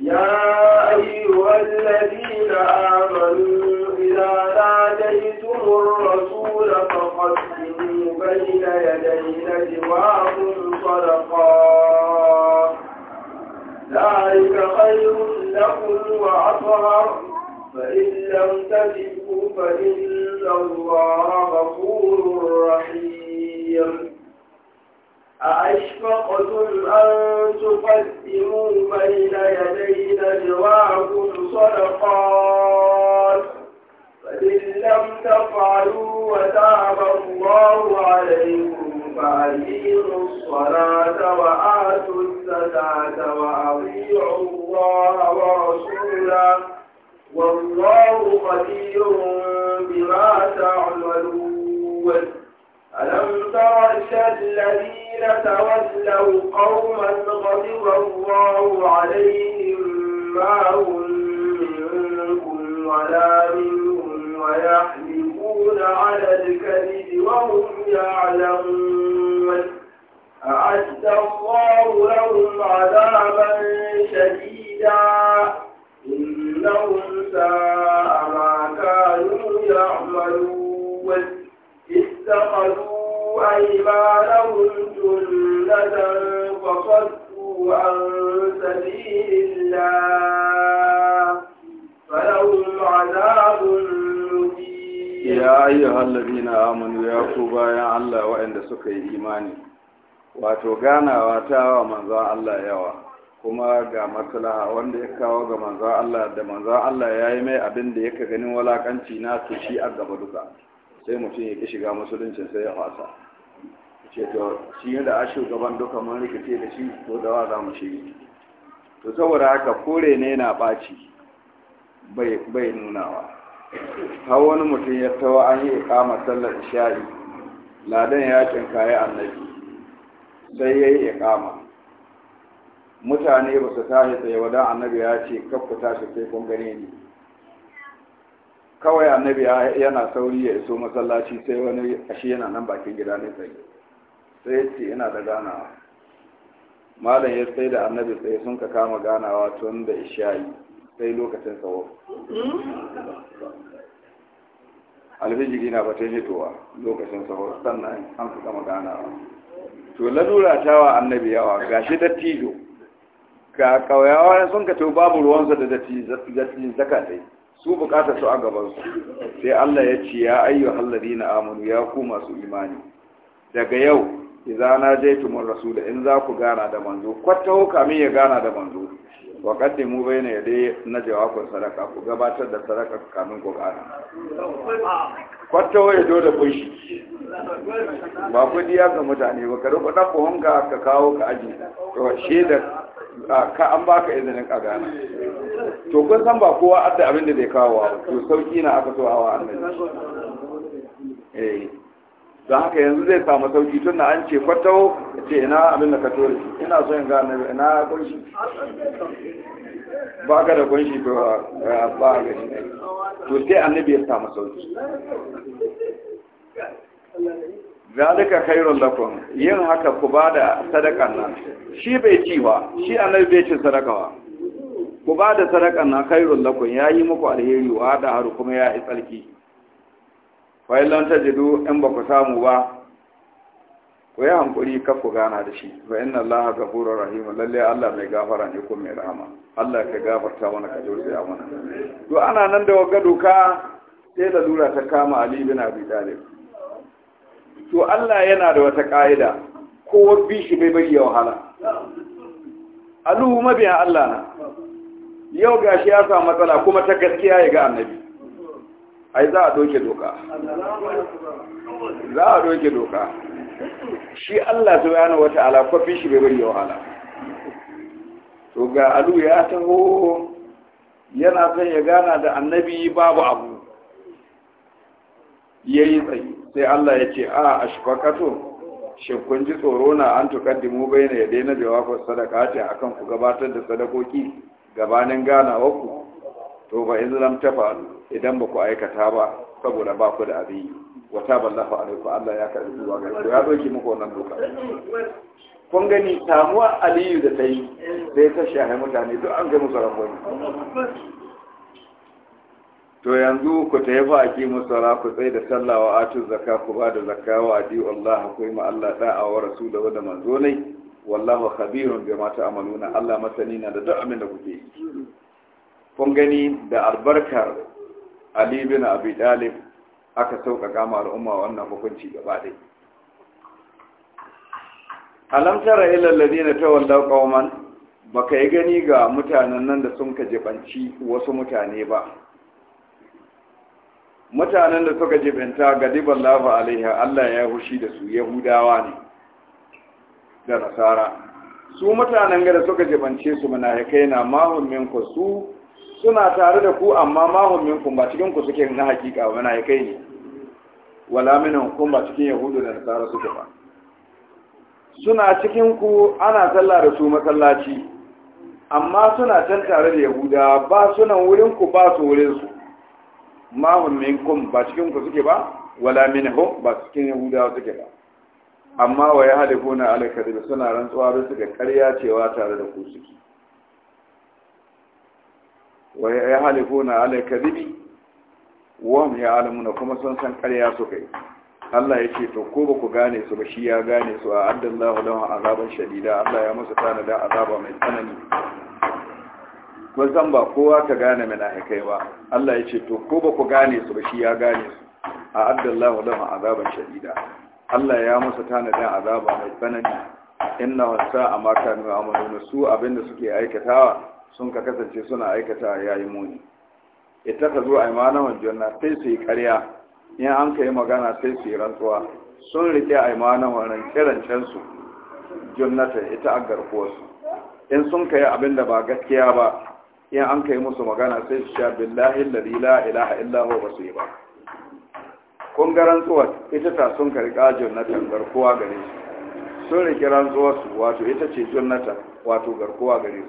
يا أيها الذين آمنوا إذا ناديتم الرسول فقدموا بين يدي نجواكم صدقا ذلك خير لكم وأطهر فإن لم تجدوا فإن الله غفور رحيم أأشفقتم أن تقدموا بين يدي نجواكم صدقات فإن لم تفعلوا وتاب الله عليكم فأجيروا الصلاة وآتوا الزكاة وأطيعوا الله ورسوله والله خبير بما تعملون ألم تر الذين تولوا قوما غضب الله عليهم ما هم منكم ولا منهم ويحلفون على الكذب وهم يعلمون أعد الله لهم عذابا شديدا إنهم ساء ما كانوا يعملون اتخذوا أيمانهم جنة فصدوا عن سبيل الله فلهم عذاب يا أيها الذين آمنوا يا كوبا يا الله وإن سكي إيماني wato ganawa ta wa manzon Allah yawa kuma ga maslaha wanda ya kawo ga manzon Allah da manzon Allah ya yi mai abin da yake ganin walakanci na to shi a gaba duka sai mutum ya ki shiga musulunci sai ya fasa ce to shi da a shugaban duka mun rikice da shi to da wa za mu shiri to saboda haka kore ne na ɓaci bai nunawa har wani mutum ya tawa an yi ikama sallar isha'i ladan ya kaya annabi sai ya yi ikama mutane ba su tashi tsaye wadan annabi ya ce kakku tashi sai kun gane ni kawai annabi yana sauri ya iso masallaci sai wani ashe yana nan bakin gida ne tsaye sai ce ina da ganawa malam ya sai da annabi tsaye sun ka kama ganawa tun da ishayi sai lokacin tsawo alfijiri na bata hitowa lokacin tsawo sannan an su kama ganawa to lalura ta wa annabi yawa gashi dattijo ga kauyawa sun ka to babu ruwansa da dattijo zaka dai su bukatar su a gabansu sai Allah ya ce ya ayyu halladina amanu ya ku masu imani daga yau idza najaytumur rasul in za ku gana da manzo kwatawo kamin ya gana da manzo wa qaddimu bayna na najawakun sadaka ku gabatar da sadaka kamin ku gana kwatawo ya zo da kunshi ba kudi ya ga mutane ba ka rubuta ku honka ka kawo ka aji to shedar ka an baka izinin a gana to kun san ba kowa adda abin da zai kawo to sauki na aka so hawa annabi eh da haka yanzu zai samu sauki tun na an ce kwatawo ce ina abin da ka tore ina so in ga annabi ina kunshi ba ka da kunshi to ba ga shi to sai annabi ya samu sauki zalika khairul lakum yin haka ku bada sadakan nan shi bai ci ba shi annabi bai ci sadaka ba ku bada sadakan nan khairul ya yi muku alheri wa da haru kuma ya yi tsarki fa illan tajidu in ba samu ba ku yi hankuri ka ku gana da shi fa inna allaha lallai rahim lalle Allah mai gafara ne ko rahama Allah ka gafarta mana ka tausaya mana to ana nan da wagga doka sai da lura ta kama Ali bin Abi Talib to Allah yana da wata ƙa'ida ko bi shi bai bari ya wahala aluhu mabiya Allah na yau ga shi ya samu matsala kuma ta gaskiya ya ga annabi ai za a doke doka za a doke doka shi Allah wata wata'ala kwafin shi bai bari ya wahala to ga Aluhu ya taho yana son ya gana da annabi babu abu yayi tsayi sai Allah ya ce a ashfaqatu shin kun ji tsoro na an daina jawabar sadaka ce a akan ku gabatar da sadakoki gabanin ganawar ku to ba in lam tafalu idan ba ku aikata ba saboda ba ku da abin wa taballahu alaikum Allah ya karbi zuwa ga ku ya doki muku wannan doka kun gani tamuwa aliyu da ta yi sai ta shahe mutane duk an ga musu rafoni to yanzu ku ta yafa musu ra ku tsaye da sallah wa atu zakka ku ba da zakka wa adiyu Allah ku yi ma Allah a wa rasul da wanda manzo ne wallahu khabirun bima ta'maluna Allah masani na da duk abin da kuke yi kun gani da albarkar Ali bin Abi Talib aka sauƙaƙa ma al'umma wannan hukunci gaba dai alam tara ila alladhina tawallaw qauman baka yi gani ga mutanen nan da sun kaje banci wasu mutane ba mutanen da suka jibinta ga diban lafa alaiha Allah ya hushi da su yahudawa ne da nasara su mutanen da suka jibance su munafikai na mahummin ku, su suna tare da ku amma mahummin ku ba cikin ku suke na hakika munafikai ne wala minan ku ba cikin yahudu da nasara suke ba suna cikin ku ana sallah da su masallaci amma suna can tare da yahuda ba sunan wurin ku ba su wurin su ma min kum ba cikin ku suke ba wala minhum ba cikin yahudawa suke ba amma wa yahlifuna ala kadhib suna rantsuwa da suka ƙarya cewa tare da ku suke wa yahlifuna ala kadhib wa hum na kuma sun san ƙarya suka yi Allah ya ce to ko ba ku gane su ba shi ya gane su a addallahu lahum azaban shadida Allah ya musu tana da azaba mai tsanani kun san ba kowa ka gane mala'ikai ba Allah ya ce to ko ba ku gane su ba shi ya gane su a addallahu lahu azaban shadida Allah ya musu tanadin azaba mai tsanani inna wasa amma kanu amaluna su abinda suke aikatawa sun ka kasance suna aikata yayi muni ita ka zo aimanahun janna sai su yi ƙarya in an kai magana sai su yi rantsuwa sun rike aimanahun rance-rancen su jannata ita a garkuwarsu in sun kai abinda abin da ba gaskiya ba in an kai musu magana sai su sha billahi da la ilaha illa ba su yi ba kun ga ita ta sun na jonathan garkuwa gare su sun riƙi rantsuwar su wato ita ce jonathan wato garkuwa gare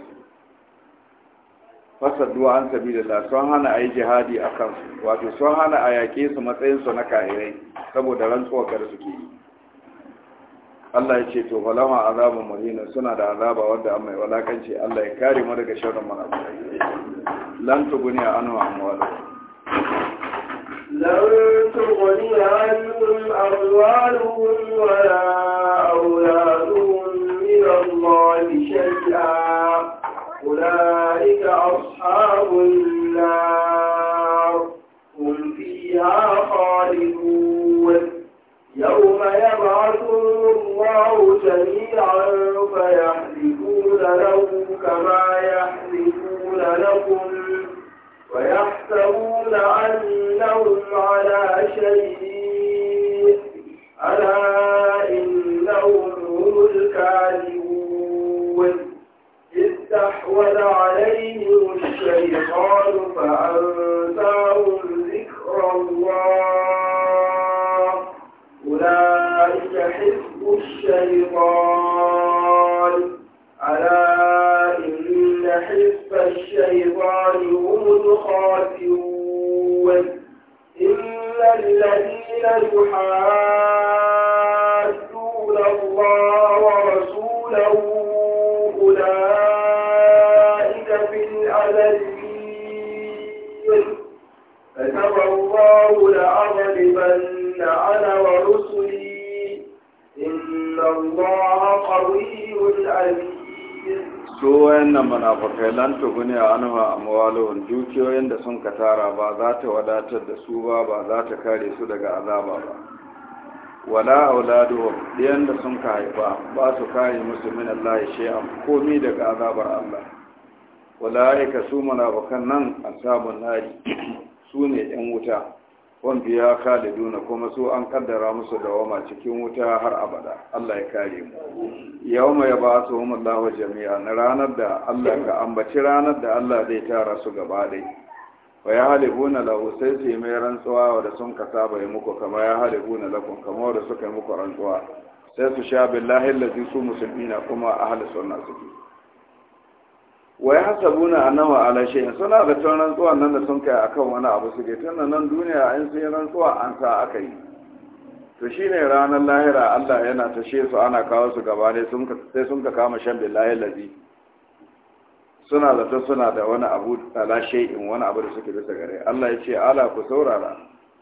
su duwa an da sun hana a yi jihadi a kansu wato sun hana a yaƙe su matsayinsu na kahirai saboda rantsuwar da suke yi Allah ya ce to walama azabun muhina suna da azaba wadda an mai walakanci Allah ya kare mu daga sharrin munafikai lan tuguni anhu amwalu lan tuguni anhum amwaluhum wala auladuhum min يوم يبعثهم الله جميعا فيحلفون له كما يحلفون لكم ويحسبون أنهم على شيء ألا إنهم هم الكاذبون استحوذ عليهم الشيطان su ba ba za ta kare su daga azaba ba wala auladuhum ɗayan da sun ka haifa ba su kare musu min Allah shay'an komi daga azabar Allah walaika su munafikan nan asabun nari su ne yan wuta ya biya khaliduna kuma su an kaddara musu dawama cikin wuta har abada Allah ya kare mu yawma yabasuhum Allahu jami'an ranar da Allah ka ambaci ranar da Allah zai tara su gaba ɗaya wa ya halibuna lahu sai su yi mai rantsuwa wadda sun ka saba yi muku kama ya halibuna lakum kama wadda suka yi muku rantsuwa sai su sha billahi lazi su musulmi na kuma ahli na suke wa ya hasabuna nawa ala shay'in suna da tun rantsuwa nan da sun kai akan wani abu suke tun nan duniya in sun yi rantsuwa an sa aka yi to shine ranar lahira Allah yana tashe su ana kawo su gaba ne sai sun ka kama shan billahi lazi suna zata suna da wani abu ala shay'in wani abu da suke bisa gare Allah ya ce ala ku saurara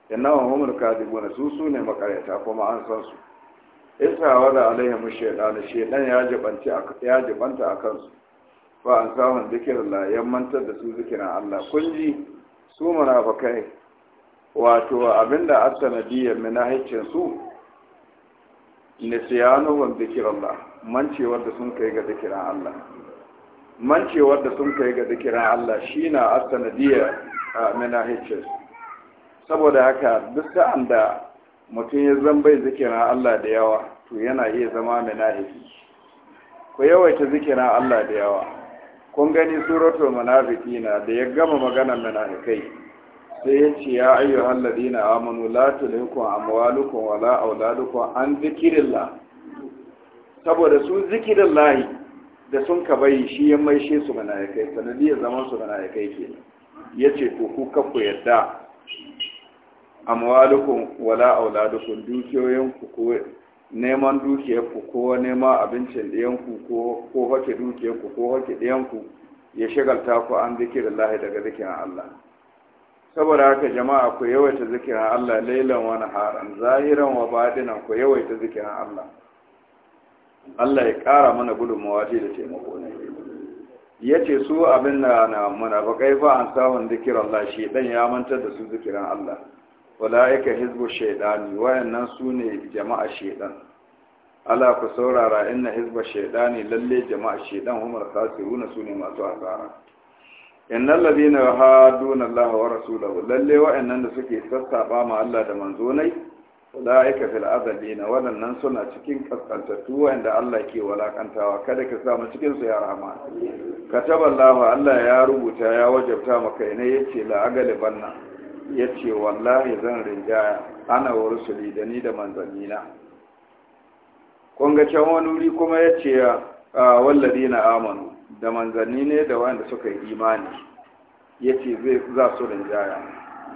innahu humul kadibun su su ne makareta kuma an san su isa wada alaihim shaytan shaytan ya jibanta ya jibanta akan su fa an samu zikirullah ya mantar da su zikirin Allah kun ji su munafikai wato abinda as-sanadiyyar minahicin su nisyanuhum zikirullah mancewar da sun kai ga zikirin Allah mancewar da sun kai ga zikirin Allah shi na asanadiyar menahicis saboda haka duk sa'an da mutum ya zambai zikirin Allah da yawa to yana iya zama menahici ku yawaita zikirin Allah da yawa kun gani suratul munafiki na da ya gama maganar munafikai sai ya ce ya ayyuhal ladina amanu la tulhikum amuwalukun wala auladukum an zikirin zikirillah saboda su zikirin lahi da sun ka bari shi ya maishe su kai, sanadiyar zaman su mala'ikai ke ya ce to ku ku yadda amwalukum wala auladukum dukiyoyinku ko neman dukiyarku ko neman abincin ɗiyanku ko ko hake dukiyarku ko hake ɗiyanku ya shagalta ku an zikirin lahi daga zikirin Allah saboda haka jama'a ku yawaita zikirin Allah lailan wani haram zahiran wa badinan ku yawaita zikirin Allah Allah ya ƙara mana gudunmawa ce da taimako ne ya ce su abin da na munafakai fa an samun zikirar Allah shi dan ya mantar da su zikiran Allah wala'ika hizbu shaidani wayannan su ne jama'a shaidan ala ku saurara inna hizba shaidani lalle jama'a shaidan humar khasiruna su ne masu asara Inna alladhina yahaduna Allah wa rasulahu lalle wayannan da suke sassaba ma Allah da manzonai ulaika fil azalina waɗannan suna cikin kaskantattu wanda Allah ke walakantawa kada ka samu cikin su ya rahama kataballahu Allah ya rubuta ya wajabta maka ne yace la agalibanna yace wallahi zan rinjaya ana rusuli da ni da manzanina. kun ga can wani kuma yace walladina amanu da manzanni ne da wanda suka yi imani yace zai za su rinjaya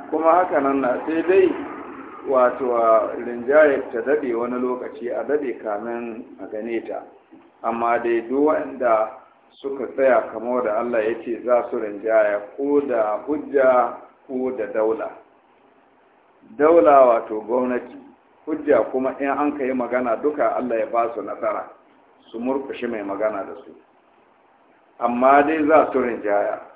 kuma haka nan na sai dai wato rinjaye ta daɗe wani lokaci a daɗe kamin a gane ta amma dai duk waɗanda suka tsaya kamar da Allah ya ce za su rinjaya ko da hujja ko da daula daula wato gwamnati hujja kuma in an ka magana duka Allah ya ba su nasara su murkushi mai magana da su amma dai za su rinjaya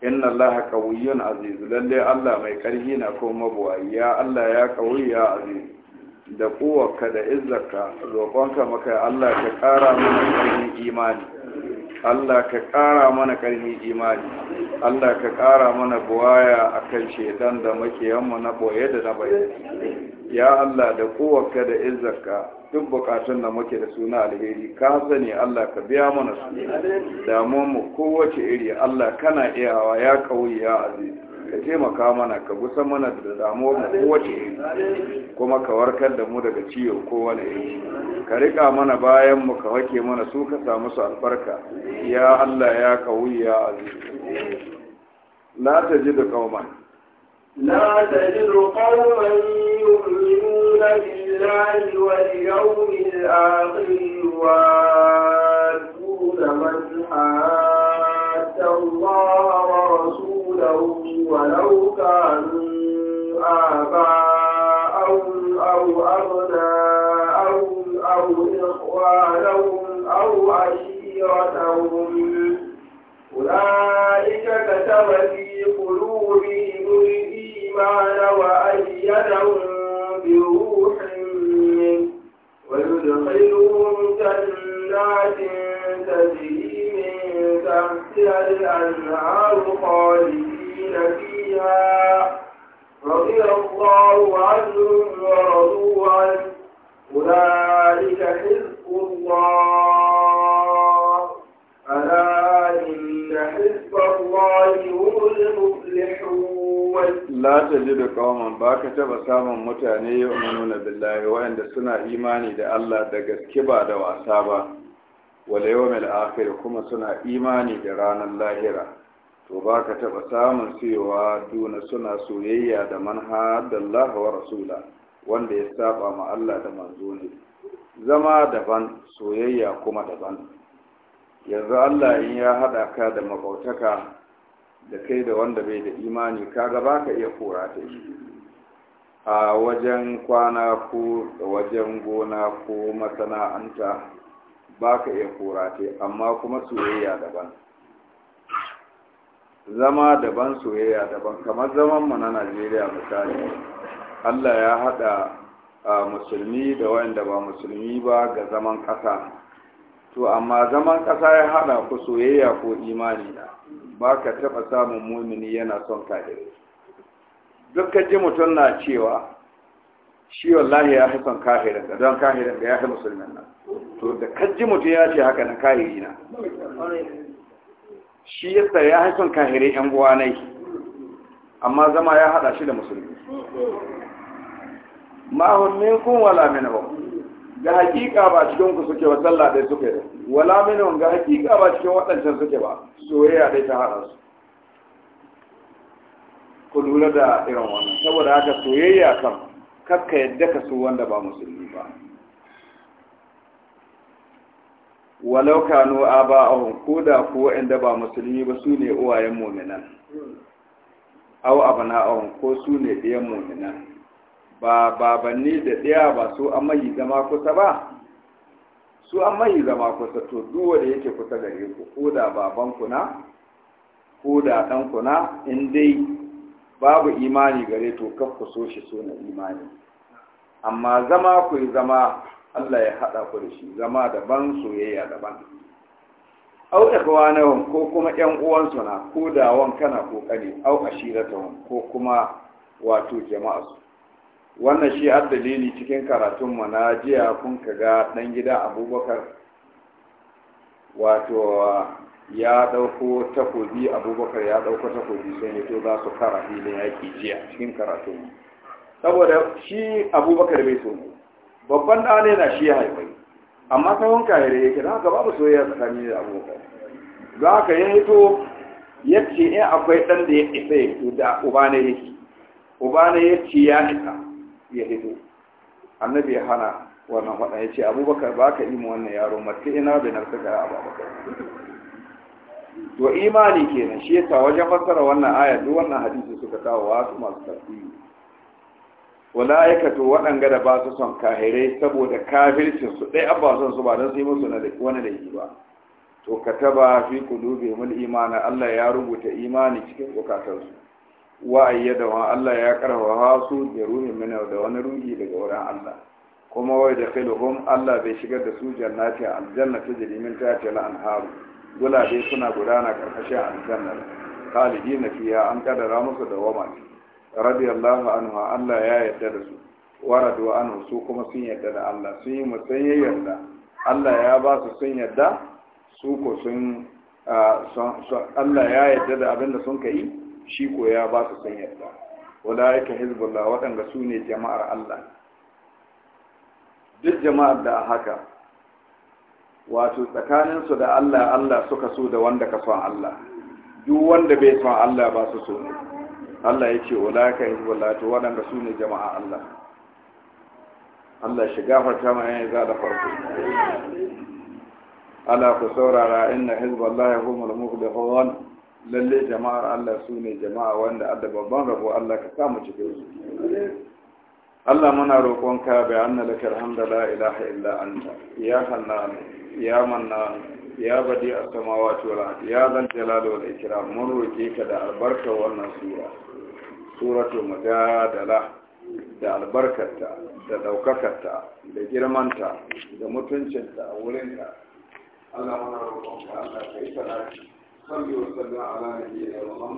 inna Allah qawiyyun aziz lalle Allah mai karfi na ko mabuwayi ya Allah ya qawi ya aziz da kuwarka da izzarka roƙonka maka Allah ka ƙara mana karfin imani Allah ka ƙara mana ƙarfin imani Allah ka ƙara mana buwaya a kan shaidan da makiyanmu na ɓoye da na bayan ya Allah da kowaka da izarka duk bukatun da muke da suna alheri ka sani Allah ka biya mana su damuwa mu kowace iri Allah kana iyawa ya ƙauyi ya aziz ka taimaka mana ka gusa mana da damuwar mu kowace kuma ka warkar da mu daga ciwo wani iri ka rika mana bayan mu ka wake mana su ka samu su albarka ya Allah ya kawuyi ya aziz la tajidu qauman لا تجد قوما يؤمنون بالله واليوم الآخر يوادون من حاد الله ورسوله عصوهم أولئك كتب في قلوبهم الإيمان وأيدهم بروح منه ويدخلهم جنات تجري من تحتها الأنهار خالدين فيها رضي الله عنهم ورضوا عنه أولئك حزب الله ألا إن حزب الله هم المفلحون لا تجد قوما باك تبا ساما متاني يؤمنون بالله وإن سنة إيماني دا الله دا كبا دا وأسابا واليوم الآخر كما سنة إيماني دا رانا اللاهرة to ba ka taɓa samun cewa duna suna soyayya da manha da Allah wa rasula wanda ya saba ma Allah da manzo ne zama daban soyayya kuma daban yanzu Allah in ya haɗa ka da makautaka da kai da wanda bai da imani kaga ba ka iya kora ta shi a wajen kwana ko wajen gona ko masana'anta ba ka iya kora ta amma kuma soyayya daban zama daban soyayya daban kamar zaman mu na najeriya misali Allah ya haɗa musulmi da wayanda ba musulmi ba ga zaman ƙasa to amma zaman ƙasa ya haɗa ku soyayya ko imani da ba ka taɓa samun mumini yana son kafiri duk ka ji mutum na cewa shi wallahi ya fi son kafirin da don kafirin da ya fi musulmin nan to da kajji mutum ya ce haka na kafiri na shi yasa ya fi son kafirin yan guwanai amma zama ya haɗa shi da musulmi mahun kun wala minhum ga hakika ba cikin ku suke ba sallah dai suke da wala minhum ga hakika ba cikin waɗancan suke ba soyayya dai ta hada su ku lura da irin wannan saboda haka soyayya kam kakka yadda ka so wanda ba musulmi ba walau kanu aba'ahum ko da ku inda ba musulmi ba su ne uwayen mu'minan aw abna'ahum ko su ne ɗiyan mu'minan ba babanni da ɗaya ba su an mai zama kusa ba su an mai zama kusa to duwa da yake kusa gare ku ko da ku na ko da ku na in dai babu imani gare to kan ku so shi so imani amma zama ku zama Allah ya haɗa ku da shi zama daban soyayya daban au ikhwanahum ko kuma ƴan uwansu na ko da wankana ko kane au ashiratahum ko kuma wato jama'a su wannan shi ad dalili cikin karatun mu na jiya kun kaga dan gida abubakar wato ya dauko takobi abubakar ya dauko takobi sai ne to za su kara filin yaki jiya cikin karatun mu saboda shi abubakar bai so babban da ne na shi ya haifai amma wanka kayare yake don ga babu soyayya tsakanin da abubakar ga haka ya hito ya ce in akwai ɗan da ya isa ya fito da uba ne yake uba ne ya ce ya isa ya hito annabi ya hana wannan faɗa ya ce abubakar ba ka ima wannan yaro mace ina bai narka ga abubakar to imani kenan shi yasa wajen fassara wannan aya duk wannan hadisi suka kawo wasu masu tafsiri wala'ikatu waɗanga da ba su son kahirai saboda kafircin su ɗai abba son su ba don su yi musu wani laifi ba to ka taba fi qulubihim mul imana Allah ya rubuta imani cikin bukatarsu wa ayyadawa Allah ya karfafa hasu da ruhin mina da wani ruhi daga wurin Allah kuma wai da khiluhum Allah bai shigar da su jannati aljanna ta jirimin ta ce la anharu gulabe suna gudana karkashin aljanna khalidina fiha an kadara musu da wama radiyallahu anhu Allah ya yarda da su waradu anhu su kuma sun yarda da Allah sun yi musayyar yarda Allah ya ba su sun yarda su ko sun ah, Allah ya yarda da abin sun kai shi ko ya ba su son yarda wala yake hizbullah waɗanda su ne jama'ar Allah duk jama'ar da haka wato tsakaninsu da Allah Allah suka so da wanda ka son Allah duk wanda bai son Allah ba su so ne Allah ya ce wala yake hizbullah to waɗanda su ne jama'ar Allah Allah shi gafarta ma yayin za da farko ala ku saurara inna hizballahi humul muflihun lalle jama'ar Allah su ne jama'a wanda adda babban rabo Allah ka mu cikin su Allah muna roƙonka bai anna laka alhamdu la ilaha illa anta ya hannan ya mannan ya badi a samawati wal ardi ya zal jalali wal ikram mun roƙe ka da albarka wannan sura suratul mujadala da albarkarta da daukakarta da girmanta da mutuncinta a wurinka Allah mana roƙonka Allah ka yi salati صلوا الله على نبينا محمد